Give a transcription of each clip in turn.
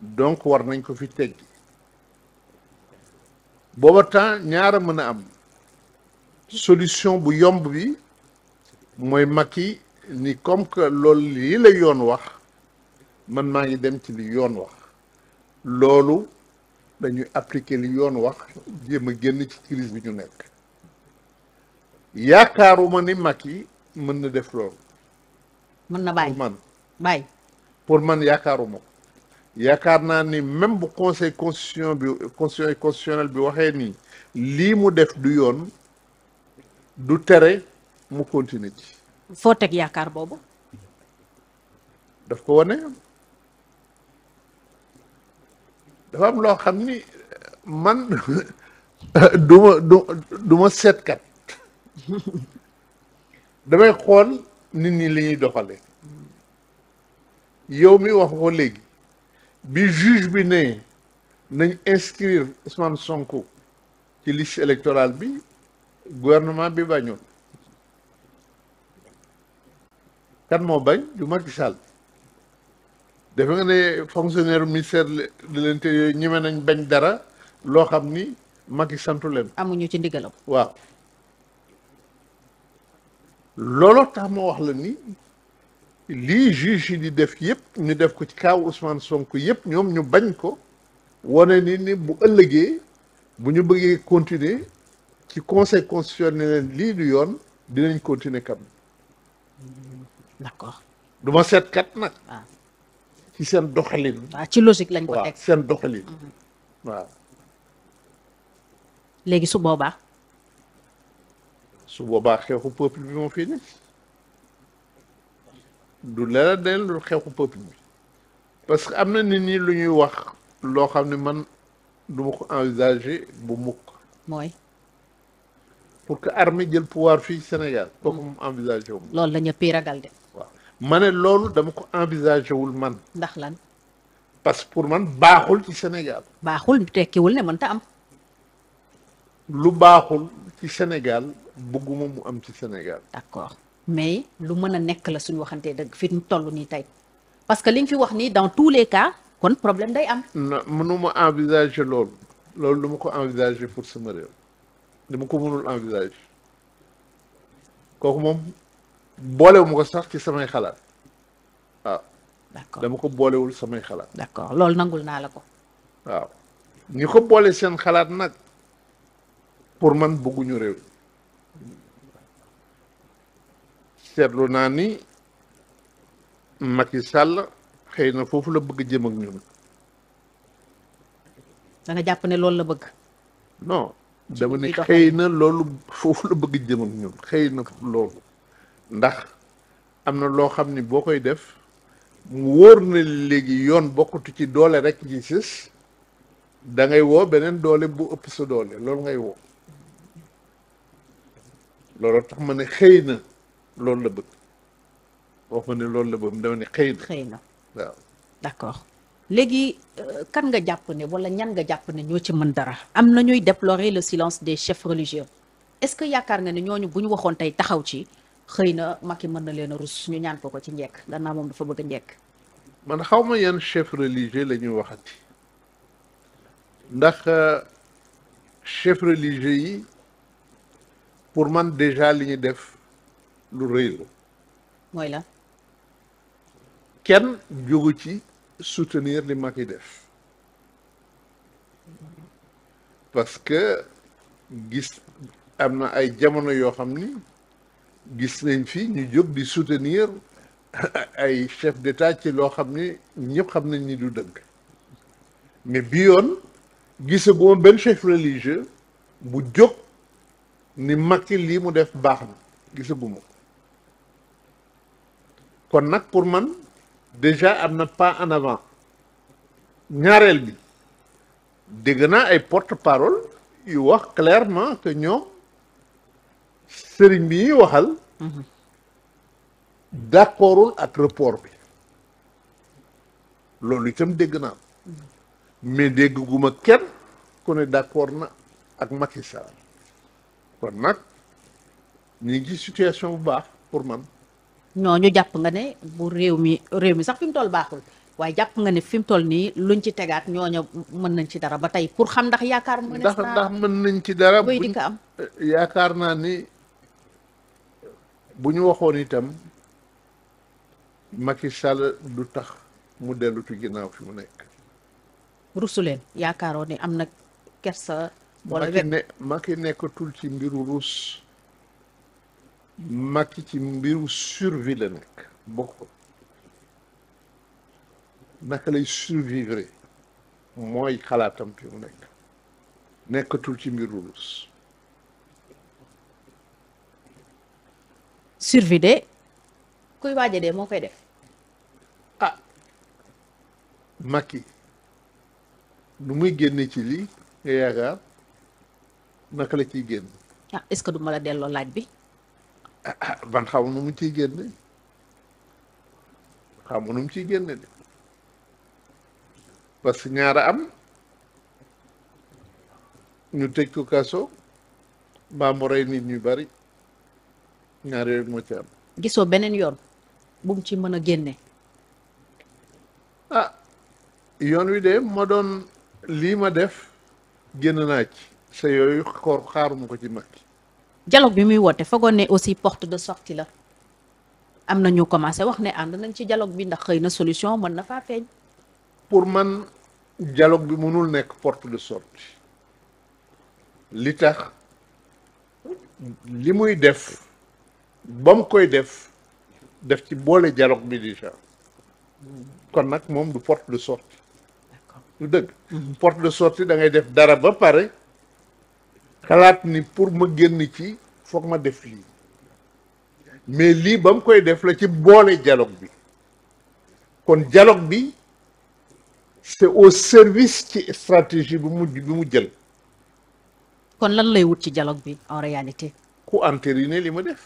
donc war nañ ko fi teggi booba temps ñaara mën a am solution bu yomb bi mooy mag yi ni comme que loolu lii la yoon wax man maa ngi dem ci li yoon wax loolu dañuy appliquer li yoon wax jéem a génn ci crise bi ñu nekk yaakaaruma ni mag yi mën na def loolu mën na bàyyi man bàyyi pour man yaakaaruma ko yaakaar naa ni même bu conseil constitution bi conseil constitutionnel bi waxee nii lii mu def du yoon du tere mu continuer ci. foo teg yaakaar boobu. daf ko wane dafa am loo xam ni man du ma du ma seetkat damay xool nit ñi li ñuy doxale yow mi wax ko léegi. bi juge bi ne nañ inscrire Ousmane Sonko ci liste électorale bi gouvernement bi bañul kan moo bañ du Macky Sall defe nga ne fonctionnaire ministère de l'intérieur ñeme nañ bañ dara loo xam ni Macky santu leen. amuñu ci ndigalam. waaw looloo tax ma wax la ni. lii juge yi di def yëpp ñu def ko ci kaw Ousmane Sonko yëpp ñoom ñu bañ ko wane ni ni bu ëllëgee bu ñu bëggee continuer ci conseil constitutionnel leen lii du yoon dinañ continuer kam d'accord du ma seet kat nag ah. ci seen doxalin waaw ah, ci logique lañ ko teg seen doxalin mhm. waaw léegi su boobaa su boobaa xeexu peuple bi moo fii ne du dara del lu xeexu peuple bi parce que am na nit ñi lu ñuy wax loo xam ne man du ma ko envisager bu mukk mooy pour que armée jël pouvoir fii Sénégal kooku mu mm. envisager wu loolu la ñëpp ragal de waaw ma ne loolu dama ko envisager wul man ndax lan parce que pour man baaxul ci Sénégal baaxul tekkiwul ne mën ta am lu baaxul ci Sénégal bëgguma mu am ci Sénégal d'accord mais lu mën a nekk la suñu waxantee dëgg fi mu toll nii tey parce que li nga fi wax nii dans tous les cas kon problème day am. non mënuma envisager loolu loolu lu ma ko envisager pour sama réew dama ko mënul envisager kooku moom boolewuma ko sax ci samay xalaat waaw. Ah, d'accord dama ko boolewul samay xalaat. d'accord loolu nangul naa la ko. waaw ñi ko boole seen xalaat nag pour man bëgguñu réew. seetlu naa ni Macky Sall xëy na foofu la bëgg jëm ak ñun. da jàpp ne loolu la bëgg. no dama ne xëy na loolu foofu la bëgg jëm ak ñun xëy na loolu ndax am na loo xam ni boo koy def mu wóor na léegi yoon bokkutu ci doole rek ci sis da woo beneen doole bu ëpp sa doole loolu ngay woo loolu tax ma ne xëy na. loolu la bëgg wax ma ne loolu la bëgg dama ne xëy na xëy na waaw d'accord léegi euh, kan nga jàpp ne wala ñan nga jàpp ne ñoo ci mën dara am na ñuy déplorer le silence des chefs religieux est-ce que yaakaar nga ne ñooñu bu ñu waxoon tey taxaw ci xëy na yi mën na leen a rus ñu ñaan ko ko ci njekk naa moom dafa bëgg a njekk man xaw ma yan chef religieux la ñuy waxati ndax euh, chef religieux yi pour man déjà li ñu def lu rëy mooy la kenn jógu ci soutenir li yi def parce que gis am na ay jamono yoo xam ni gis nañ fi ñu jóg di soutenir ay chef d'état ci loo xam ni ñëpp xam nañ ni du dëgg mais bi yoon gisaguma benn chef religieux bu jóg ni Macky lii mu def baax na gisaguma ko kon nag pour man déjà am na pas en avant ñaareel bi dégg naa ay porte-parole yu wax clairement que ñoom sëriñ bi ñuy waxal mhm. d'accordul ak report bi loolu itam dégg naa mhm. mais dégg guma kenn ku ne d'accord na ak Macky kon nag ñu ngi ci situation bu baax pour man ñooñu jàpp nga ne bu réew mi réew mi sax fi toll baaxul waaye jàpp nga ne fi mu toll nii luñ ci tegaat ñooñu mën nañ ci dara ba tey pour xam ndax yaakaar. mën ndax ndax mën nañ ci dara. buy di ka am yaakaar naa ni bu ñu waxoon itam Macky du tax mu dellu ci ginnaaw fi mu nekk. rusu leen yaakaaroo ni am na kersa. wala Macky nekkatul ci mbiru rus. Macky ci mbiru survie la nekk bokk naka lay survivre mooy xalaatam fi mu nekk nekkatul ci mbiru rus survie de kuy waaja de moo koy def ah Macky nu muy génne ci lii nga yaakaar naka la ciy génn ah est-ce que du ma la delloo laaj bi ban xamu nu mu ciy génne xamu nu mu ciy génne de parce que ñaara am ñu tëj ko kaso mbaa mu rey nit ñu bari ñaar yooyu moo ci am gisoo beneen yoon bu mu ci mën a génne a ah, yoon wi de ma doon lii ma def génn naa ci sa yooyu xoor xaaruma ko ci Macky dialogue bi muy woote foogoon ne aussi porte de sortie la am na ñu commencé wax ne ànd nañ ci dialogue bi ndax xëy na solution mën na faa feeñ. pour man jaloog bi mënul nekk porte de sortie li tax li muy def ba mu koy def def ci boole dialogue bi déjà kon nag moom du porte de sortie. du dëgg. porte de sortie da ngay def dara ba pare. xalaat ni pour ma génn ci foog ma def lii mais lii ba mu koy def la ci boole dialogue bi kon jaloog bi c'est au service ci stratégie bu mu bi mu jël kon lan lay wut ci dialogue bi en réalité ku entériner li ma def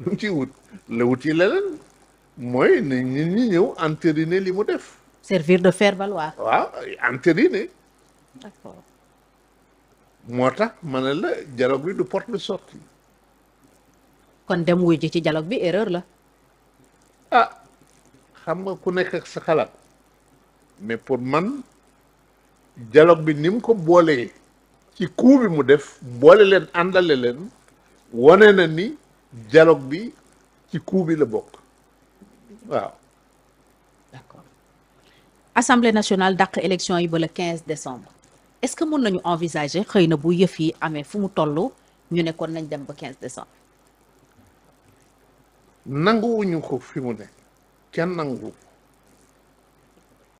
lu mu ciy wut la wut yi leneen mooy ne nit ñi ñëw entériner li ma def servir de faire valoir waaw entériner moo tax ma ne la dialogue bi du porte de sortie kon dem wuy ji ci dialogue bi erreur la ah xam nga ku nekk ak sa xalaat mais pour man dialogue bi ni mu ko boolee ci coup mu def boole leen àndale leen wane na ni dialogue bi ci coup bi la bokk waaw d'accord assemblée nationale daq élection yi ba le 15 décembre est-ce que mën nañu envisager xëy na bu yëf yi amee fu mu toll ñu ne kon nañ dem ba 15 décembre. nanguwuñu ko fi mu ne kenn nangu